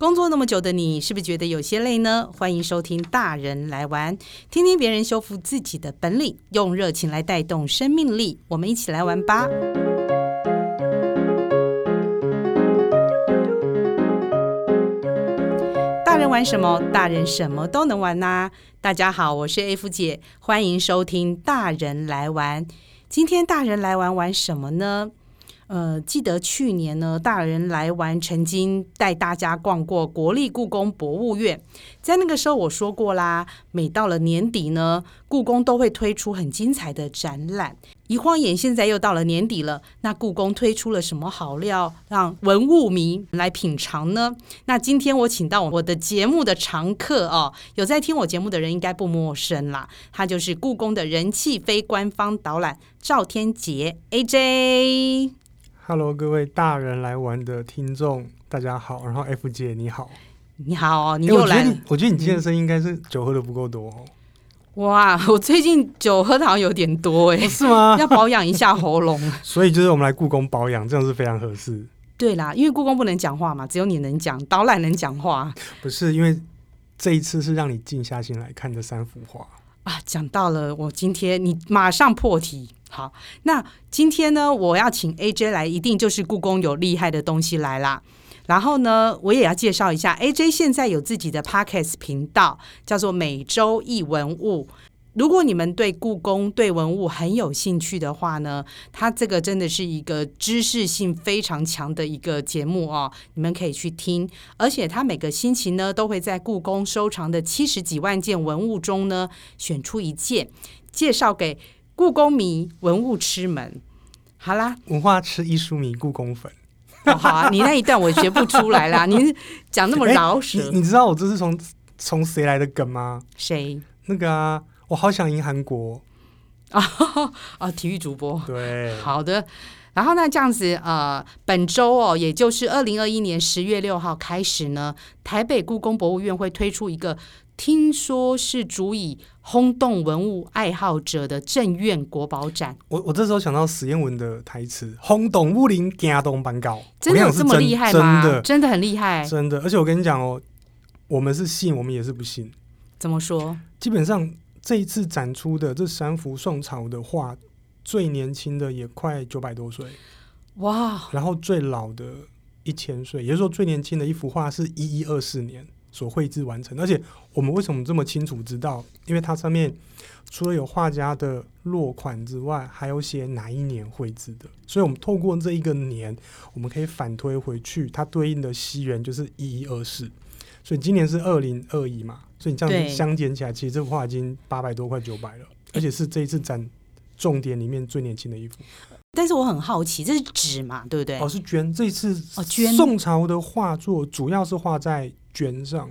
工作那麼久的你，是不是覺得有些累呢？歡迎收聽《大人來玩》，聽聽別人修復自己的本領，用熱情來帶動生命力。我們一起來玩吧！大人玩什麼？大人什麼都能玩吶、啊！大家好，我是 F 姐，歡迎收聽《大人來玩》。今天大人來玩玩什麼呢？呃，記得去年呢，大人來玩，曾經帶大家逛過國立故宮博物院。在那個時候，我說過啦，每到了年底呢，故宮都會推出很精彩的展覽。一晃眼，現在又到了年底了，那故宮推出了什麼好料讓文物迷來品嘗呢？那今天我請到我的節目的常客哦，有在聽我節目的人應該不陌生啦，他就是故宮的人氣非官方導覽趙天傑 AJ。Hello，各位大人來玩的聽眾，大家好。然後 F 姐你好，你好、哦、你又來、欸我。我覺得你今天的聲音應該是酒喝得不夠多、哦嗯。哇，我最近酒喝得好像有點多哎、欸，是嗎？要保養一下喉嚨。 所以就是我們來故宮保養，這樣是非常合適。對啦，因為故宮不能講話嘛，只有你能講，導覽能講話。不是，因為這一次是讓你靜下心來看這三幅畫。啊，講到了，我今天你馬上破題。好，那今天呢，我要請 AJ 來，一定就是故宮有厲害的東西來啦。然後呢，我也要介紹一下，AJ 現在有自己的 Podcast 頻道，叫做“每週一文物”。如果你們對故宮、對文物很有興趣的話呢，它這個真的是一個知識性非常強的一個節目哦，你們可以去聽。而且它每個星期呢，都會在故宮收藏的七十幾萬件文物中呢，選出一件介紹給故宮迷、文物痴們。好啦，文化痴、藝術迷、故宮粉， oh, 好啊，你那一段我學不出來啦。 你講那麼老實。誒，你，你知道我這是從從誰來的梗嗎？誰？那個啊。我好想贏韓國啊！啊、 哦，體育主播對，好的。然後呢，這樣子呃，本周哦，也就是二零二一年十月六號開始呢，台北故宮博物院會推出一個，聽說是足以轟動文物愛好者的鎮院國寶展。我我這時候想到史艷文的台詞：“轟動武林，驚動梵高。”真的有真這麼厲害嗎？真的真的很厲害，真的。而且我跟你講哦，我們是信，我們也是不信。怎麼說？基本上。這一次展出的這三幅宋朝的畫，最年輕的也快九百多歲，哇！然後最老的一千歲，也就是說最年輕的一幅畫是一一二四年所繪製完成。而且我們為什麼這麼清楚知道？因為它上面除了有畫家的落款之外，還有寫哪一年繪製的，所以我們透過這一個年，我們可以反推回去它對應的西元就是一一二四，所以今年是二零二一嘛。所以你這樣相減起來，其實這幅畫已經八百多快九百了、欸，而且是這一次展重點裡面最年輕的一幅。但是我很好奇，這是紙嘛，對不對？哦，是絹。這一次哦，絹。宋朝的畫作主要是畫在絹上。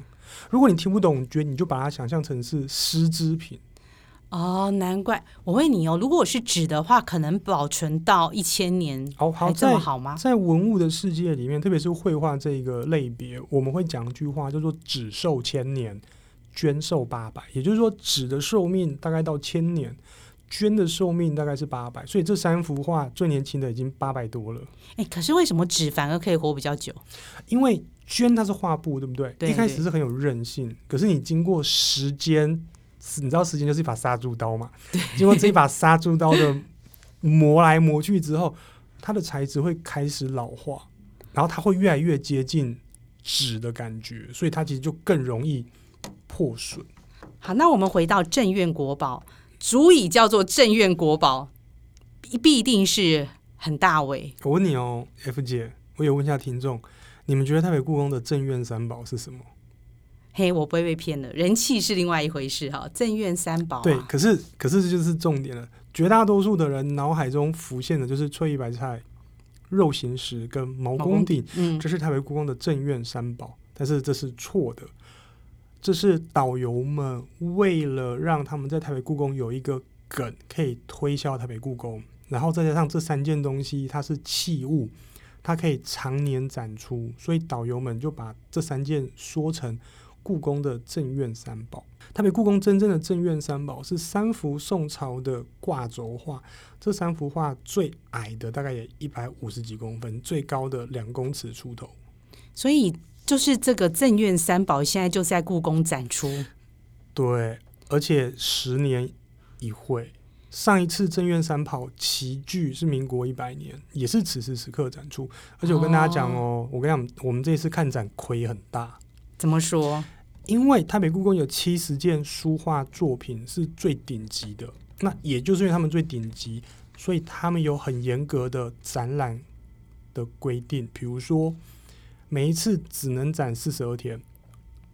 如果你聽不懂絹，你就把它想象成是絲織品。哦，難怪。我問你哦，如果我是紙的話，可能保存到一千年、哦、好、還這麼好嗎？在、在文物的世界裡面，特別是繪畫這個類別，我們會講一句話叫做“紙壽千年”。絹壽八百，也就是說紙的壽命大概到千年，絹的壽命大概是八百，所以這三幅畫最年輕的已經八百多了。哎、欸，可是為什麼紙反而可以活比較久？因為絹它是畫布，對不對？對，一開始是很有韌性，可是你經過時間，你知道時間就是一把殺豬刀嘛。經過這一把殺豬刀的磨來磨去之後， 它的材質會開始老化，然後它會越來越接近紙的感覺，所以它其實就更容易破損。好，那我們回到鎮院國寶，足以叫做鎮院國寶，必定是很大位。我問你哦，F 姐，我也問一下聽眾，你們覺得台北故宮的鎮院三寶是什麼？嘿、hey，我不會被騙的，人氣是另外一回事哈、哦。鎮院三寶、啊、對，可是可是這就是重點了，絕大多數的人腦海中浮現的就是翠玉白菜、肉形石跟毛公鼎，嗯，這、就是台北故宮的鎮院三寶，但是這是錯的。這是導遊們為了讓他們在台北故宮有一個梗可以推銷台北故宮，然後再加上這三件東西，它是器物，它可以常年展出，所以導遊們就把這三件說成故宮的鎮院三寶。台北故宮真正的鎮院三寶是三幅宋朝的掛軸畫，這三幅畫最矮的大概也一百五十幾公分，最高的兩公尺出頭，所以。就是這個鎮院三寶現在就是在故宮展出，對，而且十年一會，上一次鎮院三寶齊聚是民國一百年，也是此時此刻展出。而且我跟大家講哦，哦，我跟你講，我們這次看展虧很大。怎麼說？因為台北故宮有七十件書畫作品是最頂級的，那也就是因為他們最頂級，所以他們有很嚴格的展覽的規定，比如說。每一次只能展四十二天，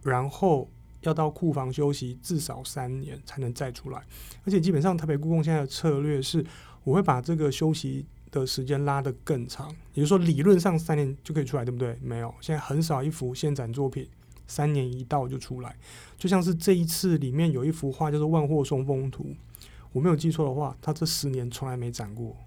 然後要到庫房休息至少三年才能再出來，而且基本上台北故宮現在的策略是，我會把這個休息的時間拉得更長，也就是說理論上三年就可以出來，對不對？沒有，現在很少一幅現展作品三年一到就出來，就像是這一次裡面有一幅畫叫做《萬壑松風圖》，我沒有記錯的話，它這十年從來沒展過。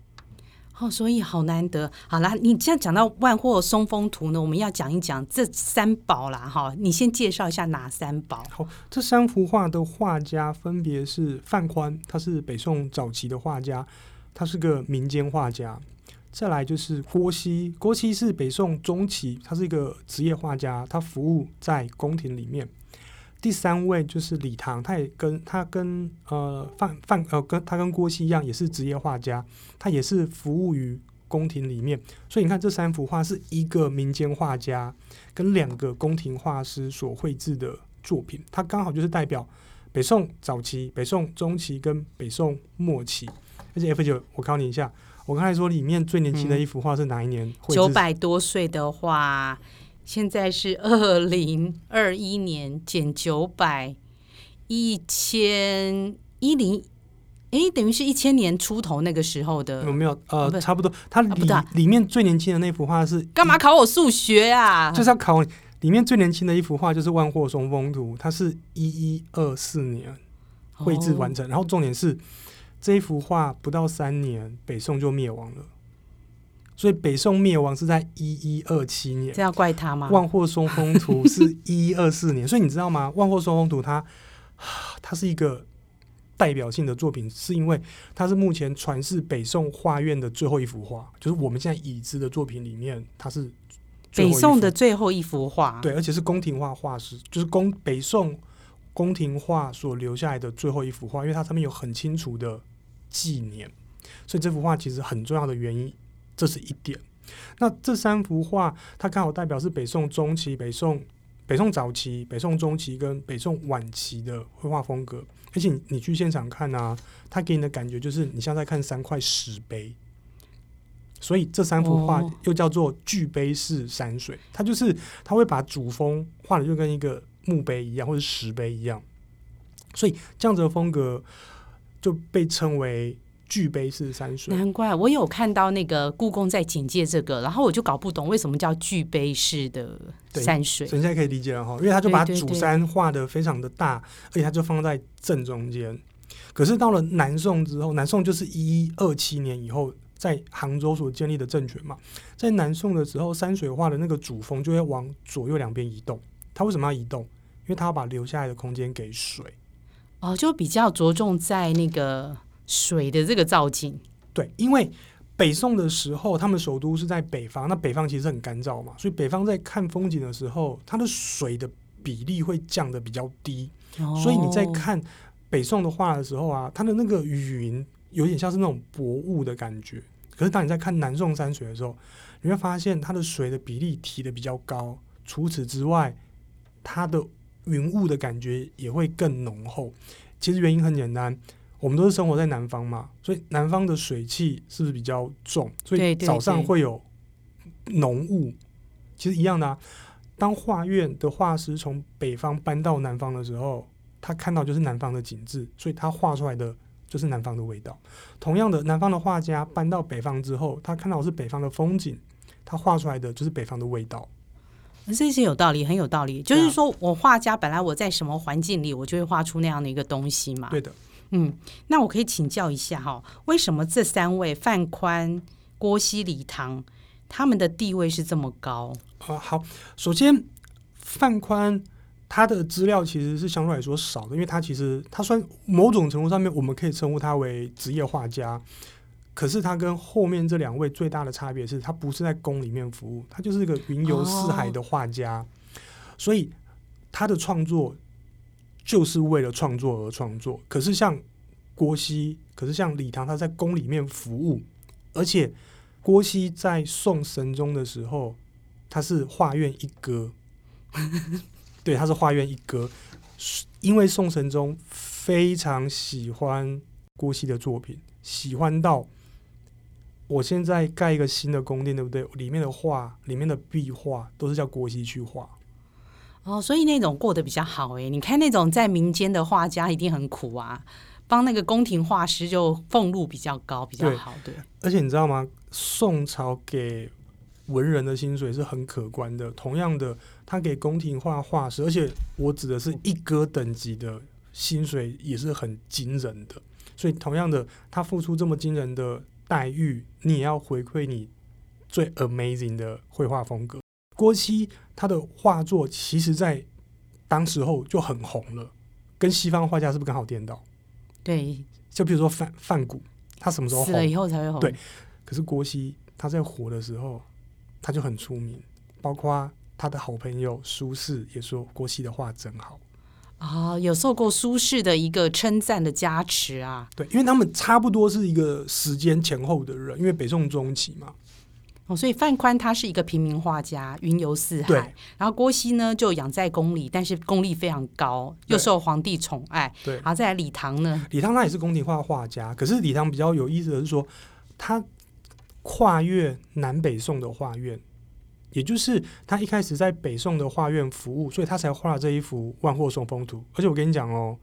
哦，所以好難得。好啦，你這樣講到《萬壑松風圖》呢，我們要講一講這三寶啦，哈。你先介紹一下哪三寶？好，這三幅畫的畫家分別是范寬，他是北宋早期的畫家，他是個民間畫家；再來就是郭熙，郭熙是北宋中期，他是一個職業畫家，他服務在宮廷裡面。第三位就是李唐，他也跟他跟呃范范呃跟他跟郭熙一樣，也是職業畫家，他也是服務於宮廷裡面。所以你看這三幅畫是一個民間畫家跟兩個宮廷畫師所繪制的作品，他剛好就是代表北宋早期、北宋中期跟北宋末期。而且 F 九，我考你一下，我剛才說裡面最年輕的一幅畫是哪一年？九、嗯、百多歲的話。現在是二零二一年減九百一千一零，哎，等於是一千年出頭那個時候的。有沒有，呃，不差不多。它裡、啊不啊、裡面最年輕的那幅畫是幹嘛考我數學啊？就是要考裡面最年輕的一幅畫，就是《萬壑松風圖》，它是一一二四年繪製完成，哦。然後重點是這一幅畫不到三年，北宋就滅亡了。所以北宋滅亡是在一一二七年，這要怪他嗎？《萬壑松風圖》是一一二四年， 所以你知道嗎？《萬壑松風圖》它它是一個代表性的作品，是因為它是目前傳世北宋畫院的最後一幅畫，就是我們現在已知的作品裡面，它是北宋的最後一幅畫。對，而且是宮廷畫畫師，就是宮北宋宮廷畫所留下來的最後一幅畫，因為它上面有很清楚的紀年，所以這幅畫其實很重要的原因。這是一點。那這三幅畫，它剛好代表是北宋中期、北宋、北宋早期、北宋中期跟北宋晚期的繪畫風格。而且你，你去現場看啊，它給你的感覺就是你像在看三塊石碑。所以這三幅畫又叫做巨碑式山水，哦、它就是它會把主峰畫的就跟一個墓碑一樣，或者石碑一樣。所以這樣子的風格就被稱為。巨碑式山水，難怪我有看到那個故宮在警戒這個，然後我就搞不懂為什麼叫巨碑式的山水。等一下可以理解了哈，因為他就把主山畫得非常的大對對對對，而且他就放在正中間。可是到了南宋之後，南宋就是一一二七年以後在杭州所建立的政權嘛，在南宋的時候，山水畫的那個主峰就會往左右兩邊移動。他為什麼要移動？因為他要把留下來的空間給水。哦，就比較着重在那個。水的這個造景，對，因為北宋的時候，他們首都是在北方，那北方其實很乾燥嘛，所以北方在看風景的時候，它的水的比例會降得比較低，Oh. 所以你在看北宋的畫的時候啊，它的那個雲有點像是那種薄霧的感覺。可是當你在看南宋山水的時候，你會發現它的水的比例提得比較高，除此之外，它的雲霧的感覺也會更濃厚。其實原因很簡單。我們都是生活在南方嘛，所以南方的水汽是不是比較重？所以早上會有濃霧。其實一樣的啊，當畫院的畫師從北方搬到南方的時候，他看到就是南方的景致，所以他畫出來的就是南方的味道。同樣的，南方的畫家搬到北方之後，他看到是北方的風景，他畫出來的就是北方的味道。這是有道理，很有道理。就是說我畫家本來我在什麼環境裡，我就會畫出那樣的一個東西嘛。對的。嗯，那我可以請教一下哈，為什麼這三位范寬、郭熙、李唐他們的地位是這麼高？啊，好，首先范寬他的資料其實是相對來說少的，因為他其實他算某種程度上面我們可以稱呼他為職業畫家，可是他跟後面這兩位最大的差別是，他不是在宮裡面服務，他就是一個雲遊四海的畫家，哦，所以他的創作。就是為了創作而創作。可是像郭熙，可是像李唐，他在宮裡面服務，而且郭熙在宋神宗的時候，他是畫院一哥。 對，他是畫院一哥，因為宋神宗非常喜歡郭熙的作品，喜歡到我現在蓋一個新的宮殿，對不對？裡面的畫，裡面的壁畫都是叫郭熙去畫。哦，所以那種過得比較好誒。你看那種在民間的畫家一定很苦啊，幫那個宮廷畫師就俸祿比較高，比較好對。對。而且你知道嗎？宋朝給文人的薪水是很可觀的，同樣的，他給宮廷畫畫師，而且我指的是一哥等級的薪水也是很驚人的。所以同樣的，他付出這麼驚人的待遇，你也要回饋你最 amazing 的繪畫風格。郭熙他的畫作其實在當時候就很紅了，跟西方畫家是不是剛好顛倒？對，就比如說梵，梵谷，他什麼時候紅，死了以後才會紅？對，可是郭熙他在活的時候他就很出名，包括他的好朋友蘇軾也說郭熙的畫真好啊，有受過蘇軾的一個稱讚的加持啊。對，因為他們差不多是一個時間前後的人，因為北宋中期嘛。哦，所以范寬他是一個平民畫家，雲遊四海。對。然後郭熙呢，就養在宮裡，但是功力非常高，又受皇帝寵愛。對。然後再來李唐呢，李唐他也是宮廷畫畫家，可是李唐比較有意思的是說，他跨越南北宋的畫院，也就是他一開始在北宋的畫院服務，所以他才畫了這一幅《萬壑松風圖》。而且我跟你講哦，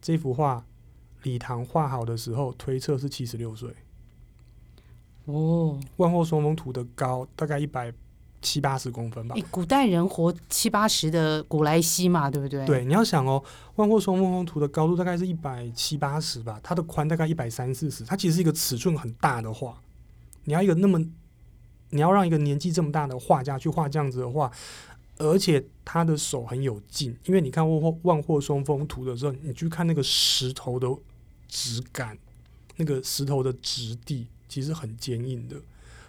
這幅畫李唐畫好的時候，推測是七十六歲。哦，萬壑松風圖的高大概一百七八十公分吧。古代人活七八十的古來稀嘛，對不對？對，你要想哦，萬壑松風圖的高度大概是一百七八十吧，它的寬大概一百三四十，它其實是一個尺寸很大的畫。你要有那麼，你要讓一個年紀這麼大的畫家去畫這樣子的畫，而且他的手很有勁，因為你看萬萬壑松風圖的時候，你去看那個石頭的質感，那個石頭的質地。其實很堅硬的，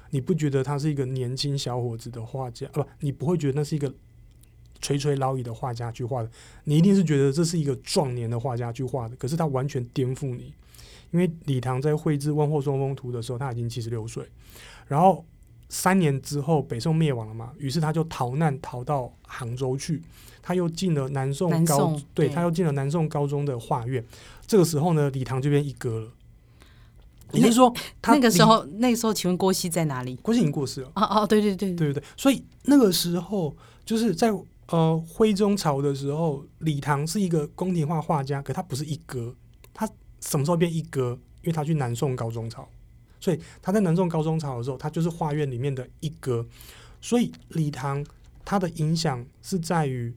你不覺得他是一個年輕小伙子的畫家？啊、不，你不會覺得那是一個垂垂老矣的畫家去畫的。你一定是覺得這是一個壯年的畫家去畫的。可是他完全顛覆你，因為李唐在繪制《萬壑松風圖》的時候，他已經七十六歲。然後三年之後，北宋滅亡了嘛，於是他就逃難逃到杭州去，他又進了南宋高，南宋，對，對他又進了南宋高宗的畫院。這個時候呢，李唐這邊一哥了。你是說那個時候？那個時候，那個時候請問郭熙在哪裡？郭熙已經過世了。哦哦，對對對，對對對。所以那個時候，就是在呃徽宗朝的時候，李唐是一個宮廷畫畫家，可他不是一哥。他什麼時候變一哥？因為他去南宋高宗朝，所以他在南宋高宗朝的時候，他就是畫院裡面的一哥。所以李唐他的影響是在於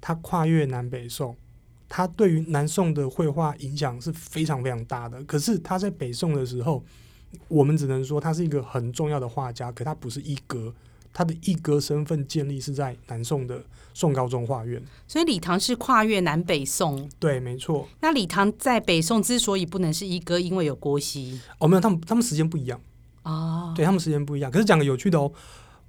他跨越南北宋。他對於南宋的繪畫影響是非常非常大的，可是他在北宋的時候，我們只能說他是一個很重要的畫家，可他不是一哥，他的一哥身份建立是在南宋的宋高宗畫院。所以李唐是跨越南北宋，對，沒錯。那李唐在北宋之所以不能是一哥，因為有郭熙。哦，沒有，他們他們時間不一樣哦，Oh. 對，他們時間不一樣。可是講個有趣的哦，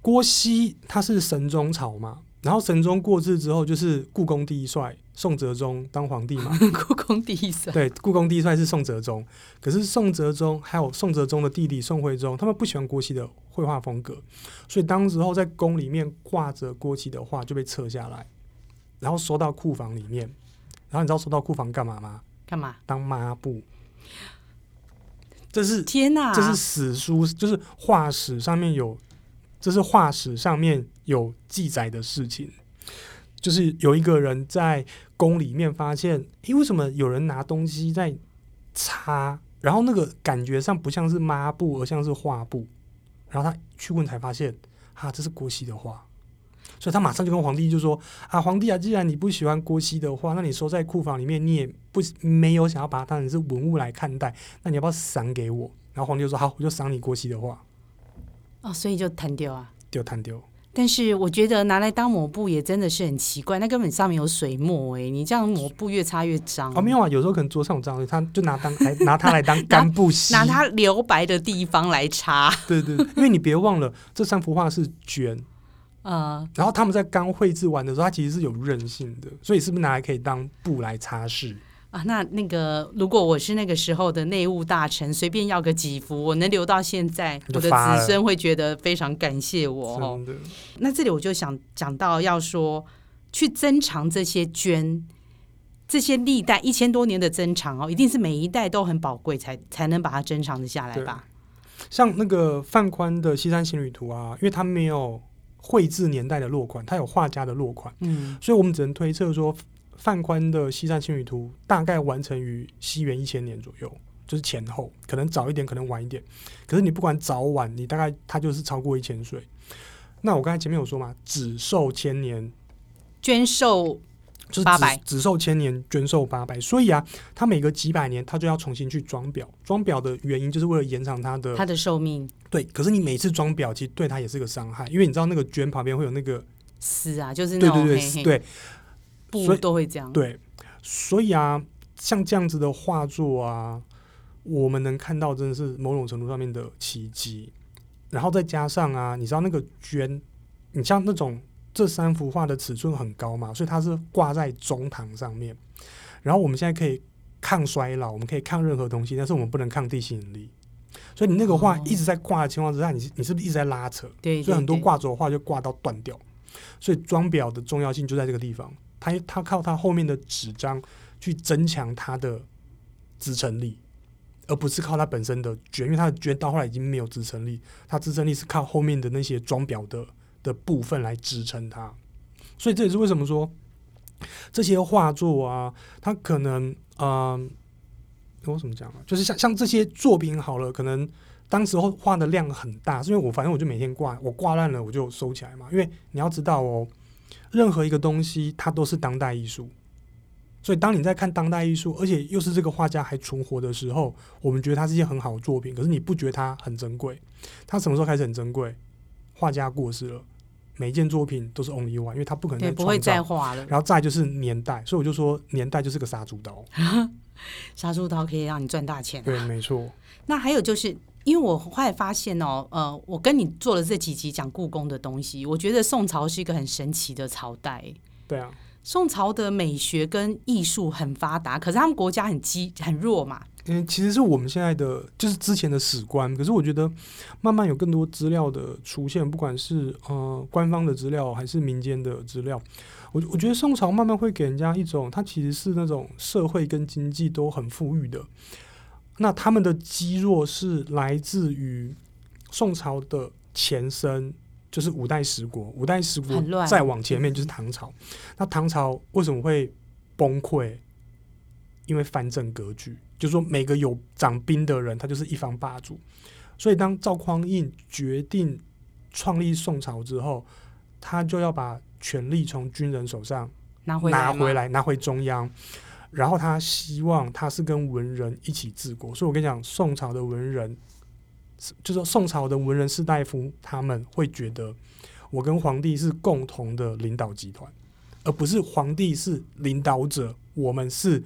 郭熙他是神宗朝嘛，然後神宗過世之後，就是故宮第一帥。宋哲宗當皇帝嘛？ 故宮第一帥。對，故宮第一帥是宋哲宗。可是宋哲宗還有宋哲宗的弟弟宋徽宗，他們不喜歡郭熙的繪畫風格，所以當時候在宮裡面掛着郭熙的畫就被撤下來，然後收到庫房裡面。然後你知道收到庫房幹嘛嗎？幹嘛？當抹布。這是天哪、啊！這是史書，就是畫史上面有，這是畫史上面有記載的事情。就是有一個人在宮裡面發現，誒、欸，為什麼有人拿東西在擦？然後那個感覺上不像是抹布，而像是畫布。然後他去問才發現，哈、啊，這是郭熙的畫。所以他馬上就跟皇帝就說：“啊，皇帝啊，既然你不喜歡郭熙的畫，那你收在庫房裡面，你也不沒有想要把它當成是文物來看待，那你要不要賞給我？”然後皇帝就說：“好，我就賞你郭熙的畫。哦”啊，所以就彈掉啊，就彈掉。但是我覺得拿來當抹布也真的是很奇怪，那根本上面有水墨哎，欸，你這樣抹布越擦越髒。哦、啊，沒有啊，有時候可能桌上有髒，他就拿當來拿它來當乾布吸，拿它留白的地方來擦。對對，對，因為你別忘了這三幅畫是絹。嗯， 然後他們在剛繪製完的時候，它其實是有韌性的，所以是不是拿來可以當布來擦拭？啊，那那個，如果我是那個時候的內務大臣，隨便要個幾幅，我能留到現在，我的子孫會覺得非常感謝我、哦。真的。那這裡我就想講到，要說去珍藏這些絹這些歷代一千多年的珍藏哦，一定是每一代都很寶貴，才才能把它珍藏的下來吧。像那個范寬的《溪山行旅圖》啊，因為他沒有繪制年代的落款，他有畫家的落款，嗯，所以我們只能推測說。范寬的《溪山行旅圖》大概完成於西元一千年左右，就是前後，可能早一點，可能晚一點。可是你不管早晚，你大概他就是超過一千歲。那我剛才前面有說嘛，紙壽千年，絹壽就是八百，紙壽千年，絹壽八百。所以啊，他每隔幾百年，他就要重新去裝裱。裝裱的原因就是為了延長它的它的壽命。對，可是你每次裝裱其實對它也是個傷害，因為你知道那個絹旁邊會有那個絲啊，就是對對對對。對所以都會這樣，對，所以啊，像這樣子的畫作啊，我們能看到真的是某種程度上面的奇蹟。然後再加上啊，你知道那個絹，你像那種這三幅畫的尺寸很高嘛，所以它是掛在中堂上面。然後我們現在可以抗衰老，我們可以抗任何東西，但是我們不能抗地心引力。所以你那個畫一直在掛的情況之下，哦、你你是不是一直在拉扯，對對對，所以很多掛着畫就掛到斷掉。所以裝裱的重要性就在這個地方。他他靠他後面的紙張去增強它的支撐力，而不是靠它本身的絹，因為它的絹到後來已經沒有支撐力，它支撐力是靠後面的那些裝裱的的部分來支撐它，所以這也是為什麼說這些畫作啊，它可能嗯、呃，我怎麼講啊？就是像像這些作品好了，可能當時候畫的量很大，是因為我反正我就每天掛，我掛爛了我就收起來嘛，因為你要知道哦。任何一個東西，它都是當代藝術。所以，當你在看當代藝術，而且又是這個畫家還存活的時候，我們覺得它是一件很好的作品。可是，你不覺得它很珍貴？它什麼時候開始很珍貴？畫家過世了，每一件作品都是 only one，因為它不可能再畫了。然後再就是年代，所以我就說，年代就是個殺豬刀，殺 豬刀可以讓你賺大錢啊。對，沒錯。那還有就是。因為我後來發現哦，呃，我跟你做了這幾集講故宮的東西，我覺得宋朝是一個很神奇的朝代。對啊，宋朝的美學跟藝術很發達，可是他們國家很積、很弱嘛。嗯，其實是我們現在的就是之前的史觀，可是我覺得慢慢有更多資料的出現，不管是呃官方的資料還是民間的資料，我我覺得宋朝慢慢會給人家一種，它其實是那種社會跟經濟都很富裕的。那他們的積弱是來自於宋朝的前身，就是五代十國。五代十國再往前面就是唐朝。那唐朝為什麼會崩潰？因為藩鎮割據，就是說每個有掌兵的人，他就是一方霸主。所以當趙匡胤決定創立宋朝之後，他就要把權力從軍人手上拿回來，拿回，拿回中央。然後他希望他是跟文人一起治國，所以我跟你講，宋朝的文人，就是宋朝的文人士大夫，他們會覺得我跟皇帝是共同的領導集團，而不是皇帝是領導者，我們是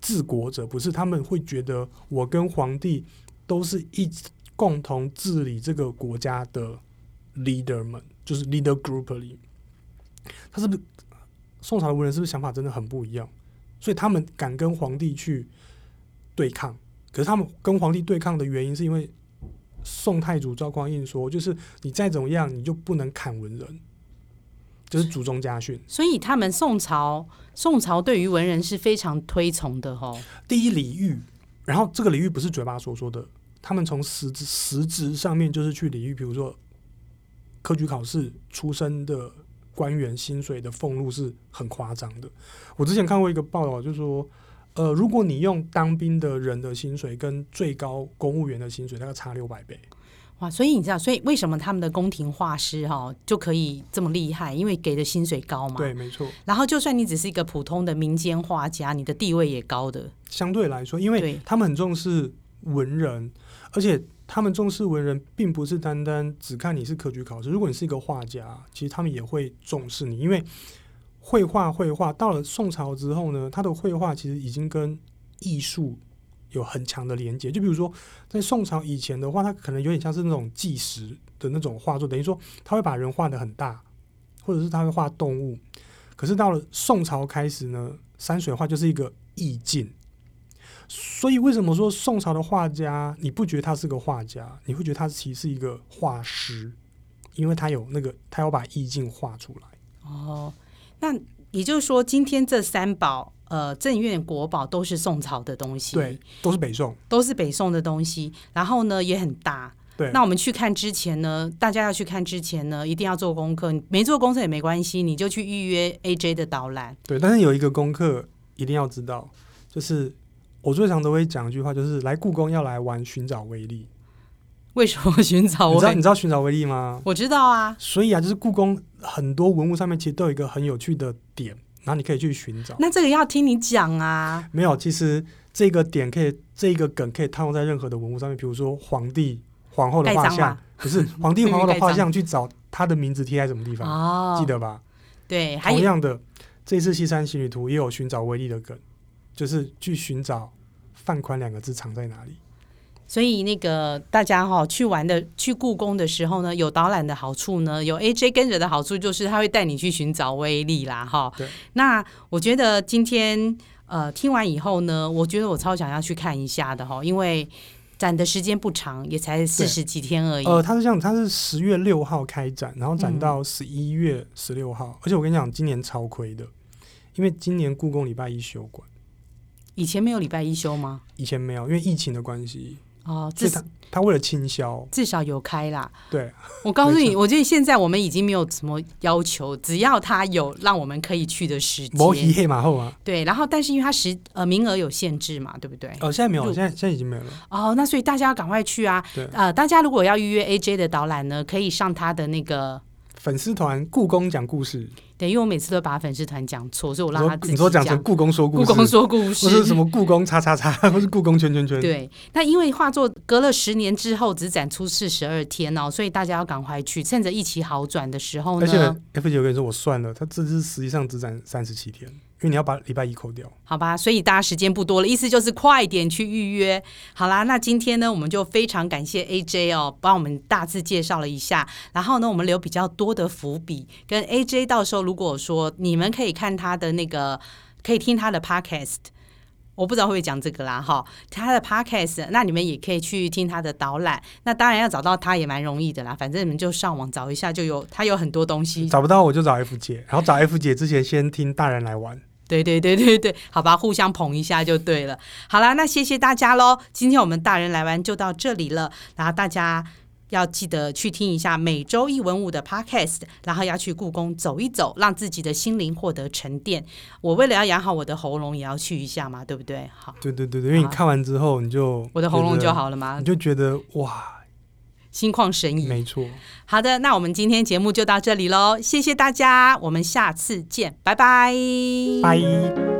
治國者，不是他們會覺得我跟皇帝都是一共同治理這個國家的 leader 們，就是 leader group 裡，他是不是宋朝的文人是不是想法真的很不一樣？所以他們敢跟皇帝去對抗，可是他們跟皇帝對抗的原因是因為宋太祖趙匡胤說，就是你再怎麼樣你就不能砍文人，就是祖宗家訓。所以他們宋朝，宋朝對於文人是非常推崇的哈、哦。第一禮遇，然後這個禮遇不是嘴巴所說的，他們從實質實質上面就是去禮遇，比如說科舉考試出身的。官員薪水的俸祿是很誇張的。我之前看過一個報道，就是說，呃，如果你用當兵的人的薪水跟最高公務員的薪水，那個差六百倍。哇，所以你知道，所以為什麼他們的宮廷畫師哈、哦、就可以這麼厲害？因為給的薪水高嘛。對，沒錯。然後就算你只是一個普通的民間畫家，你的地位也高的。相對來說，因為他們很重視文人，而且。他們重視文人，並不是單單只看你是科舉考試。如果你是一個畫家，其實他們也會重視你，因為繪畫，繪畫到了宋朝之後呢，他的繪畫其實已經跟藝術有很強的連接。就比如說，在宋朝以前的話，他可能有點像是那種紀實的那種畫作，等於說他會把人畫得很大，或者是他會畫動物。可是到了宋朝開始呢，山水畫就是一個意境。所以為什麼說宋朝的畫家，你不覺得他是個畫家，你會覺得他其實是一個畫師，因為他有那個，他要把意境畫出來。哦，那也就是說，今天這三寶，呃，鎮院國寶都是宋朝的東西，對，都是北宋，都是北宋的東西。然後呢，也很大。對，那我們去看之前呢，大家要去看之前呢，一定要做功課。沒做功課也沒關係，你就去預約 AJ 的導覽。對，但是有一個功課一定要知道，就是。我最常都會講一句話，就是來故宮要來玩尋找威力。為什麼尋找威力？你知道你知道尋找威力嗎？我知道啊。所以啊，就是故宮很多文物上面其實都有一個很有趣的點，然後你可以去尋找。那這個要聽你講啊。沒有，其實這個點可以，這個梗可以套用在任何的文物上面。比如說皇帝皇後的畫像，可是皇帝皇後的畫像，去找他的名字貼在什麼地方？ 哦，記得吧？對。還有。同樣的，這次《谿山行旅圖》也有尋找威力的梗。就是去尋找“范寬”兩個字藏在哪裡。所以那個大家哈、哦，去玩的去故宮的時候呢，有導覽的好處呢，有 AJ 跟着的好處，就是他會帶你去尋找威力啦哈。那我覺得今天呃聽完以後呢，我覺得我超想要去看一下的哈，因為展的時間不長，也才四十幾天而已。哦、呃，它是這樣，它是十月六號開展，然後展到十一月十六號、嗯。而且我跟你講，今年超虧的，因為今年故宮禮拜一休館。以前沒有禮拜一休嗎？以前沒有，因為疫情的關係。哦，至少他為了清消，至少有開啦。對，我告訴你，我覺得現在我們已經沒有什麼要求，只要他有讓我們可以去的時間。摸黑馬後啊？對，然後但是因為他時呃名額有限制嘛，對不對？哦，現在沒有，現在現在已經沒有了。哦，那所以大家要趕快去啊！對呃，大家如果要預約 AJ 的導覽呢，可以上他的那個。粉絲團故宮講故事，對，因為我每次都把粉絲團講錯，所以我讓他自己講成故宮說故事，故宮說故事，或者是什麼故宮叉叉叉， 或者是故宮圈圈圈。對，那因為畫作隔了十年之後只展出四十二天哦，所以大家要趕快去，趁着疫情好轉的時候呢，而且 F 九跟你說，我算了，他這次實際上只展三十七天。因為你要把禮拜一扣掉，好吧？所以大家時間不多了，意思就是快點去預約。好啦，那今天呢，我們就非常感謝 A J 哦、喔，幫我們大致介紹了一下。然後呢，我們留比較多的伏筆，跟 A J 到時候如果說你們可以看他的那個，可以聽他的 Podcast，我不知道會不會講這個啦哈。他的 Podcast，那你們也可以去聽他的導覽。那當然要找到他也蠻容易的啦，反正你們就上網找一下，就有他有很多東西。找不到我就找 F 姐， 然後找 F 姐之前先聽大人來玩。對對對對對，好吧，互相捧一下就對了。好了，那謝謝大家嘍。今天我們大人來玩就到這裡了。然後大家要記得去聽一下每周一文物的 podcast，然後要去故宮走一走，讓自己的心靈獲得沉澱。我為了要養好我的喉嚨，也要去一下嘛，對不對？好，對對對對，因為你看完之後，你就、啊、我的喉嚨就好了嘛，你就覺得哇。心曠神怡，沒錯。好的，那我們今天節目就到這裡嘍，謝謝大家，我們下次見，拜拜，拜。